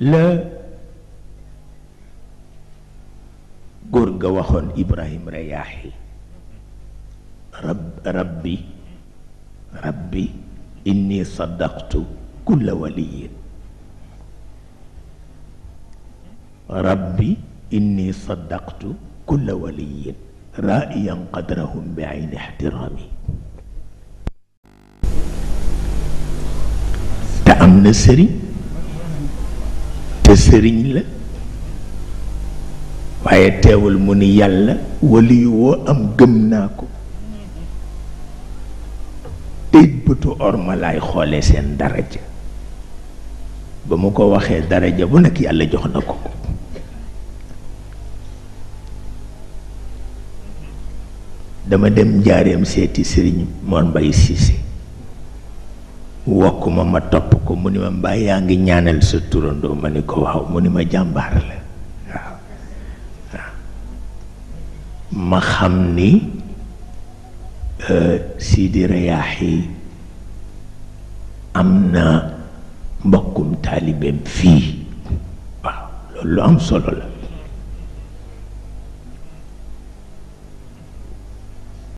لا جورجا وخون إبراهيم رياحي رب ربي ربي إني صدقت كل ولي ربي إني صدقت كل ولي رائيا قدرهم بعين احترامي تأمن سري sëriñ la waaye teewal mu ni yàlla wali yu woo am gëm naa ko teyit bëtu orma xoole seen daraja ba mu ko waxee daraja bu nag yàlla jox na ko ko dama dem njaareem seeti sëriñ moon bay siise wokk ma ma topp ko mu ni ma mbaa yaa ngi ñaanal sa turandoo ma ni ko waaw mu ni ma jàmbaar la waaw ma xam ni euh, Sidi Rayaaxi am na mbokkum taalibeem fii waaw loolu lu am solo la